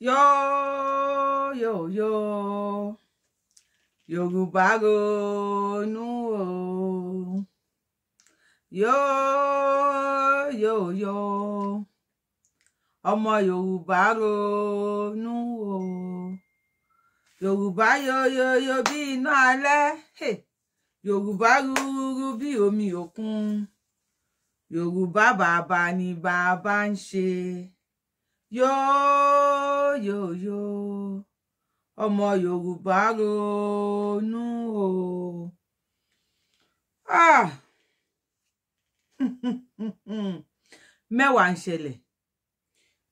yóò Yo yo yorùbá ronú o yóò Yo yóò ọmọ yorùbá ronú o yorùbá yoyoyo bí iná alẹ́ yorùbá rúrú bí omi òkun yorùbá bàbá ni bàbá ń ṣe yóòyòyò ọmọ yorùbá ronú o. Ah. mẹ́wàá ń ṣẹlẹ̀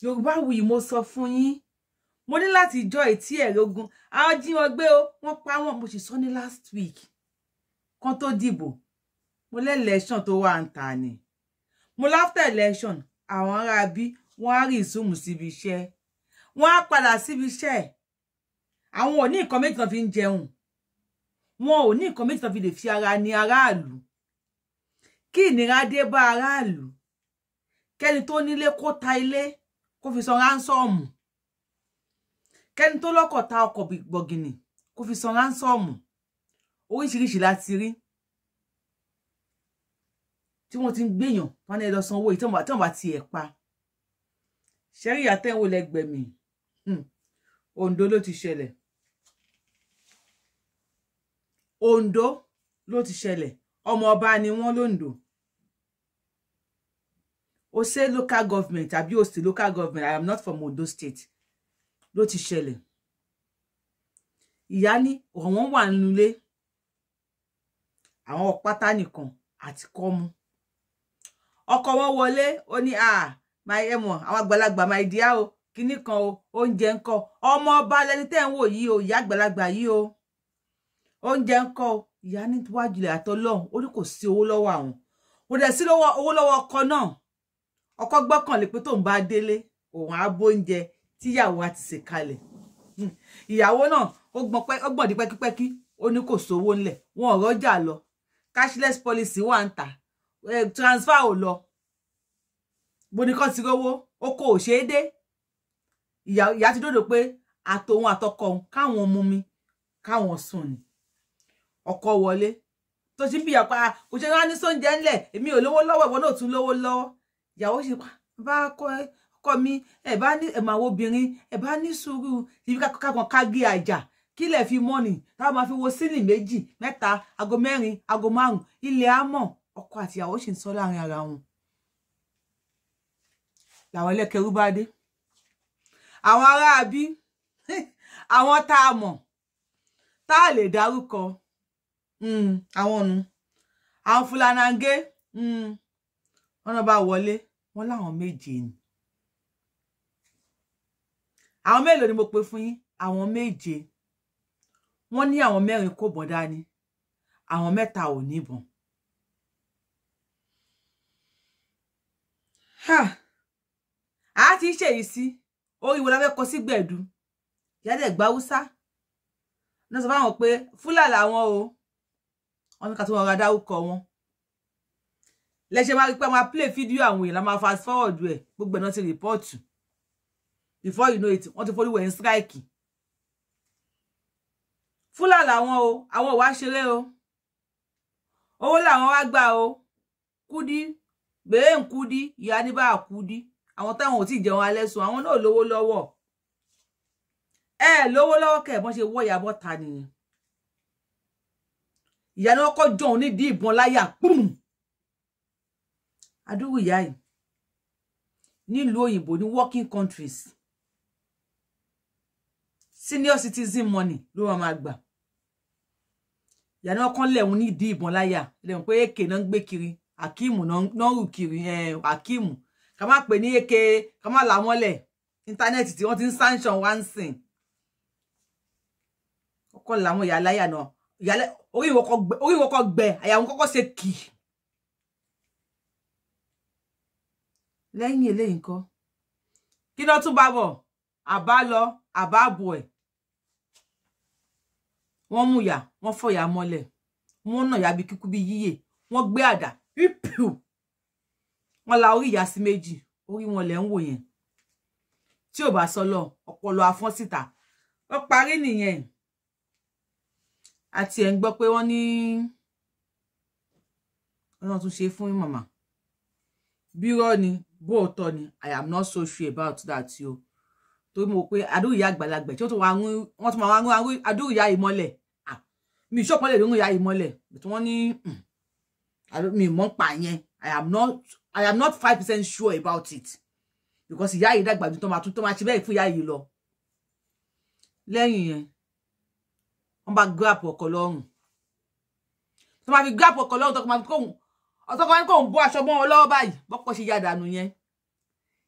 yorùbá wuyì mo sọ fún yín mo ní láti jọ ètí ẹ̀rọ ogun àwọn jí wọn gbé o wọ́n pa wọ́n mo sì sọ ní last week kan tó dìbò mo lẹ́lẹ́ṣàn tó wà ń ta ni mo láftà election àwọn ará bí wọ́n á rí zoom síbi iṣẹ́ wọ́n á padà síbi iṣẹ́ àwọn ò ní nǹkan méjì tán fi ń jẹun wọn ò ní nǹkan méjì tán fi lè fi ara ní aráàlú kí ìnira dé bá aráàlú kẹ́ni tó nílé kó ta ilé kó fi san ránsọ́ọ̀mù kẹ́ni tó lọ́kọ̀ ta ọkọ̀ gbọ̀gìnì kó fi san ránsọ́ọ̀mù oríṣiríṣi láti rí tí wọ́n ti ń gbèyàn wọn ní ẹ lọ sanwó ìtàn bá tiẹ̀ pa ṣẹ́rí àtẹ̀wò lẹ́gbẹ̀mí hmm. Ondo ló ti ṣẹlẹ̀ Ondo ló ti ṣẹlẹ̀ ọmọ ọba ni wọ́n lóńdó ó ṣe local government àbí ó sì local government I am not from Ondo state ló ti ṣẹlẹ̀ ìyá ní ọ̀wọ́n wà nílé àwọn pátá nìkan àti kọ́mú ọkọ wọn wọlé ó ní à máa ẹ mọ̀ àwọn àgbàlagbà máa di á o kinní kan o oúnjẹ ńkọ́ ọmọ ọba lẹni tẹ́ ń wò yìí o ìyá àgbàlagbà yìí o oúnjẹ ńkọ́ o ìyá níwájú ilẹ̀ àtọlọ́hún ó ní kò sí owó lọ́wọ́ àwọn kò dẹ̀ sí owó lọ́wọ́ ọkọ náà ọkọ gbọ́kànlé pé tóun bá délé òun á tíyàwó á ti hmm. ìyàwó náà ó gbọ̀n di pẹ́kípẹ́kí ó ní kò sówó ńlẹ̀ wọn ò rọ́jà lọ cashless policy wà ń tà transfer ò lọ bó ní kàn ti rówó ó kò ṣeé dé ìyá ìyá ti dòdò pé àtòun àtọkọ òun káwọn mú mi káwọn sùn ni ọkọ wọlé tó ṣe ń bí ìyàpá kò ṣe wá ní sóúnjẹ ńlẹ èmi ò lówó lọ́wọ́ ìwọ náà tún lówó lọ́wọ́ ìyàwó ṣe bá kọ ọkọ mi ẹ bá ní ẹ máa wo obìnrin ẹ bá ní sùúrù ibi kákan ká gé àjà kí lẹ fi mọ́nì táwọn máa fi wo sílì méjì mẹ́ta aago mẹ́rin aago márùn-ún ilẹ̀ á ọkọ àti ṣì ń sọ láàrin ara wọn làwọn ẹlẹ́kẹrú bá dé àwọn aráabí àwọn tá a mọ̀ tá a lè dárúkọ hmm, àwọn nu àwọn Fulanangé hmm, wọn náà bá wọlé wọn láwọn méje ni àwọn mélòó ni mo pè fún yín àwọn méje wọn ní àwọn mẹ́rin kò bọ̀ dání àwọn mẹ́ta ò níbọn. Huh a ti ṣèyí sí orí wo la fẹ́ kọ sí gbẹ̀dú ìyáálẹ̀ gba haúsá náà sọ fáwọn pé fúlàní àwọn o wọn ní ká tó wọn ra dárúkọ wọn lẹ́sẹ̀ máa rí pé máa play fídíò àwọn èèyàn la máa fast forward ẹ̀ gbogbo ẹ̀ náà ti rìpọ́ọ̀tù before you know it wọ́n ti forí wẹ̀ ń strike fúlà làwọn o àwọn òwá ṣeré o owó làwọn wá gbà o kúdí bẹ́ẹ̀ ń kúdí ìyá ní bá kúdí àwọn táwọn ò tí ì jẹun alẹ́ sùn àwọn náà lówó lọ́wọ́ ẹ lówó lọ́wọ́ kẹ bọ́n ṣe wọ́ ìyàbọ̀ ta nìyẹn ìyá ni wọ́n kọ́ jọ̀hún nídìí ìbọn láyà pùm adúrú ìyá yìí nílùú òyìnbó ní working countries senior citizen money ló wà máa gbà ìyá ni wọ́n kọ́ lẹ̀hún nídìí ìbọn láyà lẹ́hún pé èké náà ń gbé kiri akíìmù náà ń rù kiri akíìmù. Eh, ká má pè ní èké ká má là mọ́lẹ̀ íńtánẹ́ẹ̀tì tí wọ́n ti ń sanction wá ń sìn ọkọ làwọn ìyá aláyà náà ìyá orí ìwọ́kọ̀ gbẹ àyà wọn kọ́kọ́ ṣe kì lẹ́yìn eléyìí nǹkan kí ló tún bá bọ̀ àbá lọ àbá bọ̀ ẹ̀ wọ́n mú yà wọ́n fọ̀yà mọ́lẹ̀ wọ́n nà yà bí kíkú bí yíyè wọ́n gbé àdá pípù wọ́n la orí ìyá sí méjì orí wọn lẹ̀ ń wò yẹn tí ò bá sọlọ ọpọlọ afọ́n síta wọ́n parí nìyẹn àti ẹ̀ ń gbọ́ pé wọ́n ní wọ́n tún ṣe fún màmá bírọ́ ni bóòtọ́ ni i am not so sure about that o torí mo pé adúrúyà àgbàlagbà tí wọ́n tún máa wá rún adúrúyà ìmọ́lẹ̀ mi ìṣọ́pọ̀ lè rún ìyá ìmọ́lẹ̀ tí wọ́n ní hmm, mi mọ́ pa yẹn i am not i am not five percent sure about it because ìyá yìí dàgbà ju tó máa tún tó máa ṣe bẹ́ẹ̀ fún ìyá yìí lọ lẹ́yìn yẹn wọ́n bá grab ọkọ̀ lọ́rùn tó máa fi grab ọkọ̀ lọ́rùn tó máa fi kóhùn ọ̀tọ́ kan kóhùn bó aṣọ mọ́ wọn lọ́wọ́ báyìí bọ́pọ̀ ṣe yàdà nù yẹn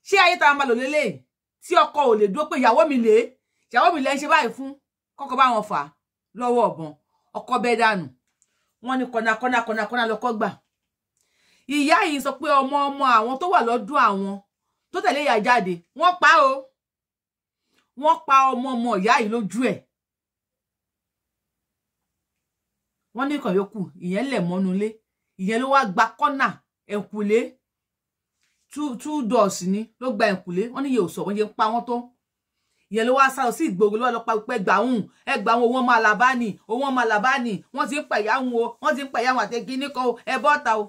ṣé ayé tá a máa lò lélẹ̀ tí ọkọ ò lè dúró pé ìyàwó mi lè ìyàwó mi lẹ́ ń ṣe báyìí fún kọ́kọ́ bá wọn fà lọ́wọ́ ọ̀bọ̀n ọkọ bẹ́ẹ̀ dànù wọ́n ní kọ́nà kọ́nà kọ́nà kọ́nà lọ́kọ́ gbà ìyá yìí sọ pé ọmọ ọmọ àwọn tó wà lọ́dún àwọn tó tẹ̀lé ìyá jáde wọ́n pa o wọ́n pa ọmọ ọmọ ìyá yìí lójú ẹ̀ wọ́n ní nǹkan yòókù ìyẹn lẹ̀ mọ́nulé ìyẹn ló wá gba kọ́nà ẹ̀kùlé two doors ni ló gba ẹ̀kùlé wọ́n ní iye òsọ̀ wọ́n yẹ ń pa wọ́n tó ìyẹn ló wá sá lọ sí ìgboro ló wá lọ pa pé gbàhùn ẹ gbàhùn owó ọmọ alábá ni owó ọmọ alábá ni wọ́n ti ń pa ìyá wọn wọ́n ti ń pa wọn àti kíní ẹ bọ́ta o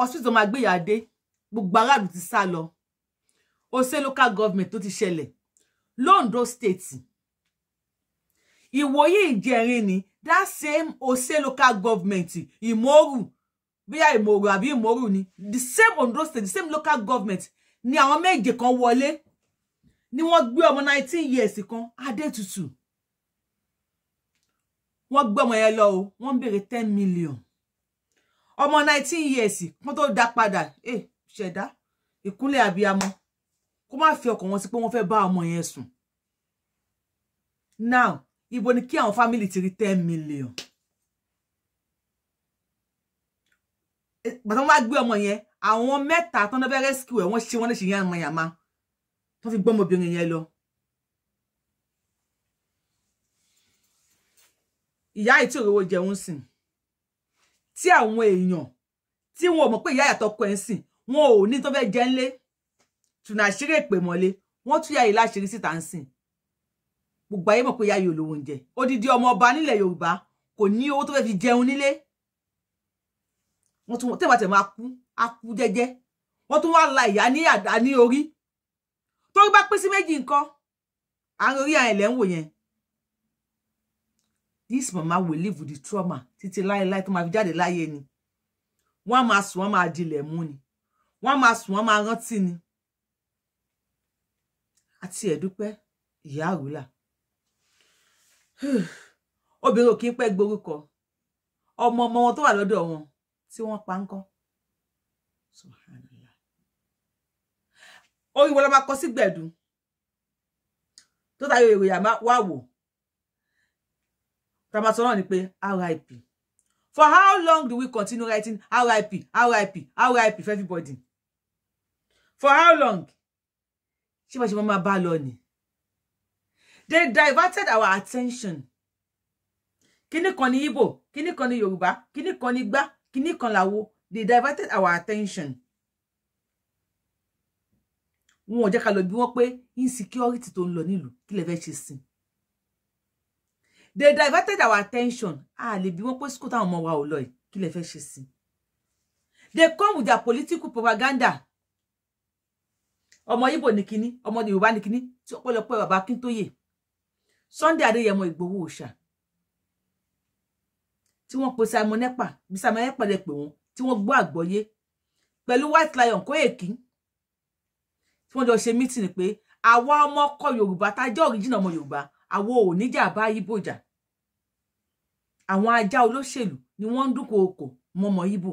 hospital máa gbé ìyá dé gbogbo aráàlú ti sá lọ ose local government tó ti ṣẹlẹ̀ londo state ìwòye ìjẹrin ni that same ose local government ìmòrù bíyà ìmòrù àbí ìmòrù ni the same ondo state the same local government ni àwọn méje kan wọlé ni wọ́n gbé ọmọ nineteen years kan adétutù wọ́n gbé ọmọ yẹn lọ o wọ́n béèrè ten million ọmọ nineteen years wọn tó dá padà eh ṣẹ̀dá ìkúnlẹ̀ abiyamọ kó má fi ọkàn wọn sí pé wọ́n fẹ́ bá ọmọ yẹn sùn now ibo ni kí àwọn family ti rí ten million eh, bàtà wọn bá gbé ọmọ yẹn àwọn mẹ́ta tán lọ fẹ́ rescue ẹ̀ wọ́n ṣe wọ́n lè ṣe yàmà yàmà tó fi gbọ́mọbìnrin yẹn lọ. ìyá yìí tí òróró jẹun sìn tí àwọn èèyàn tí wọn ò mọ̀ pé ìyá ìyàtọ̀ kọ ẹ̀ ń sìn wọn ò ní tó fẹ́ jẹ́ ńlé tùnà àṣírí èpè mọ́lé wọ́n tún yá yìí láṣìírí síta ń sìn gbogbo ayé mọ̀ pé yá yìí olówó oúnjẹ odidi ọmọ ọba nílẹ̀ Yorùbá kò ní owó tó fẹ́ fi jẹun nílé wọ́n tún tẹ́wàá tẹ̀ máa kú á kú tún wá la ìyá ní àdá ní orí torí bá pín sí méjì nǹkan àárín orí àyẹ̀lẹ̀ ń wò yẹn this mama will live with the trauma títí láéláé tó máa fi jáde láyé ni wọ́n máa sùn wọ́n máa dilẹ̀ mú ni wọ́n máa sùn wọ́n máa rántí ni àti ẹ̀dúpẹ́ ìyá àrùlà obìnrin ò kí ń pẹ́ gborúkọ ọmọ ọmọ wọn tó wà lọ́dọ̀ wọn tí wọ́n pa ń kọ́ orí wọn lọ máa kọ sí gbẹ̀dùn tó tayọ èròyà wá tábà sọ náà ni pé RIP for how long do we continue writing RIP RIP RIP for everybody for how long ṣé bá ṣe máa bá lọ ni they diverted our attention kíní kan ní Igbo kíní kan ní Yorùbá kíní kan ní gbá kíní kan làwo they diverted our attention wọn ò jẹ́ ká lọ bí wọ́n pé insecurity tó ń lọ nílùú kí lè fẹ́ ṣe sí they diverted our attention Ah, lè bí wọn pé school táwọn ọmọ wa ò lọ yìí kí lè fẹ́ ṣe they come with their political propaganda ọmọ Ìgbò ní kínní ọmọ kini. ní kínní tí ọ̀pọ̀lọpọ̀ bàbá Akíntóyè Sunday Adéyẹmọ Ìgbòho Òòṣà tí wọ́n pe Simon Ekpa bí Simon Ekpa lè pè wọ́n tí wọ́n gbọ́ àgbọ́yé pẹ̀lú White Lion ko tí wọ́n jọ ṣe mítìnì pé àwa ọmọ ọkọ Yorùbá tá jẹ́ òrìjìnà ọmọ Yorùbá àwa ò níjà bá Ìgbò jà àwọn ajá olóṣèlú ni wọ́n ń dúnkookò mọ́mọ́ Ìgbò.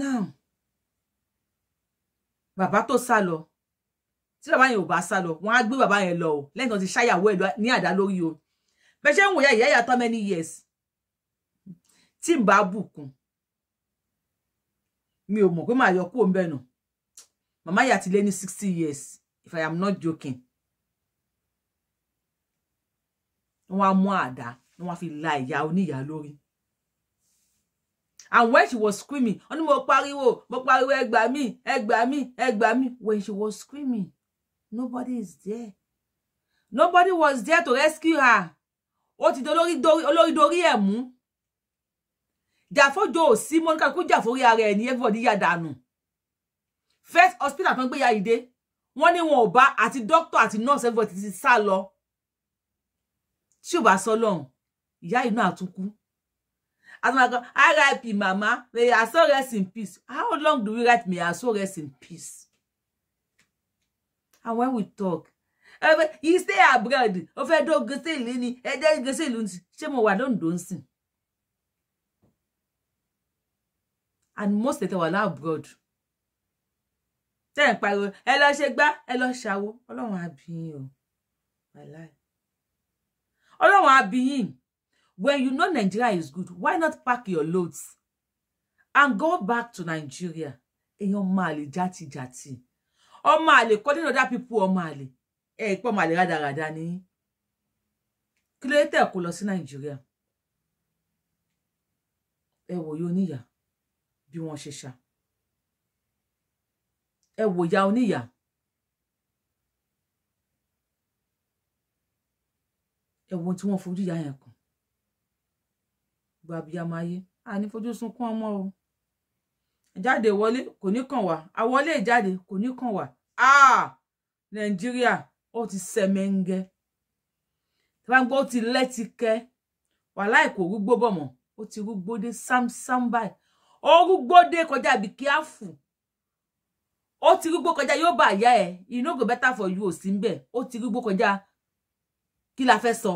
now bàbá tó sá lọ tí bàbá yẹn ò bá sá lọ wọ́n á gbé bàbá yẹn lọ o lẹ́yìn tó ti ṣáyàwó ẹ̀ ní àdá lórí o bẹ́ẹ̀ ṣe ń wòye ìyá ìyá tán many years tí n bá bùkún mi ò mọ̀ pé màá yọ kúrò ń bẹ̀ nà màmá yà ti lé ní sixty years if I am not joking wọ́n á mú àdá wọ́n á fi la ìyá oníyàá lórí and when she was screaming ó ní mo pariwo mo pariwo ẹ gbà mí ẹ gbà mí when she was screaming nobody is there nobody was there to rescue her ó ti di olórí dorí ẹ̀ mú jàfọ́jọ́ ò sí mọ́nìkà kó jàfórí ara ẹ̀ ní everybody yà dànù first hospital tó ń gbé ya ìdè wọ́n ní wọn ò bá àti doctor àti nurse everybody ti sá lọ tí ò bá sọ lọ́hùn ìyá yìí náà tún kú àtúmọ̀kan rip mama may her soul rest in peace how long do we write may her soul rest in peace and when we talk you stay abroad o fẹ́ dó gẹ́sẹ̀ ìlú ni ẹ̀jẹ̀ gẹ́sẹ̀ ìlú ni ṣé mo wà lóńdó ń sìn and most tètè wà láàbroad abroad. ẹ̀ ń pariwo ẹ lọ ṣe gbá ẹ lọ ṣàwo ọlọ́run àbíyìn o wàláì ọlọ́run abiyin when you know Nigeria is good why not pack your loads and go back to Nigeria èèyàn máa lè játijàti ọmọ àlè kọ́dínà dá pípú ọmọ àlè ẹ̀ ìpọ́ ọmọ àlè rádaràda ní kí ló tẹ̀ kó lọ sí Nàìjíríà ẹ wò yí oníyà bí wọ́n ṣe ṣá ẹ wò ya oníyà ẹ̀wọ̀n tí wọ́n fojú ìyá yẹn kàn gbàbíyàmọ ayé àní fojú sunkún ọmọ o jáde wọlé kò ní kàn wá àwọlé ìjáde kò ní kàn wá ah! nàìjíríà ó ti sẹmẹǹgẹ tí wọn gbọ́ ó ti lẹ́tìkẹ́ wàhálà ìkò rúgbó bọ̀ mọ́ ó ti rúgbó dé sámsám báyìí ó rúgbó dé kọjá àbí kí á fù ó ti rúgbó kọjá yóò bá àyà ẹ inú ògò better for you ò sí ń bẹ ó ti rúgbó kọjá Qui la fẹ́ sọ.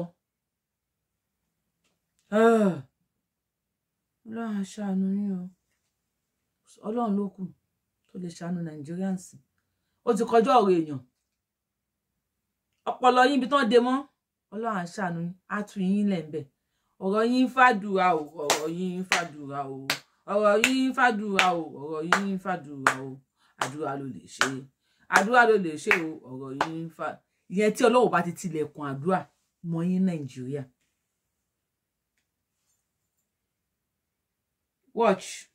Ah. ọlọ́run aṣáánú yín y ọlọ́run ló kù tó lè ṣàánú Nigerians ó ti kọjá ọ̀rọ̀ èèyàn ọpọlọ yín ibi tán dé mọ́ ọlọ́run aṣáánú á tu yín y ọ̀rọ̀ yín fàdúrà o ọ̀rọ̀ yín fàdúrà o ọ̀rọ̀ yín fàdúrà o ọ̀rọ̀ yín fàdúrà o àdúrà ló lè ṣe àdúrà ló lè ṣe o ọ̀rọ̀ yín fà ìyẹn tí ọlọ́run bá ti tilẹ̀kùn àdúrà mọ yín nàìjíríà watch.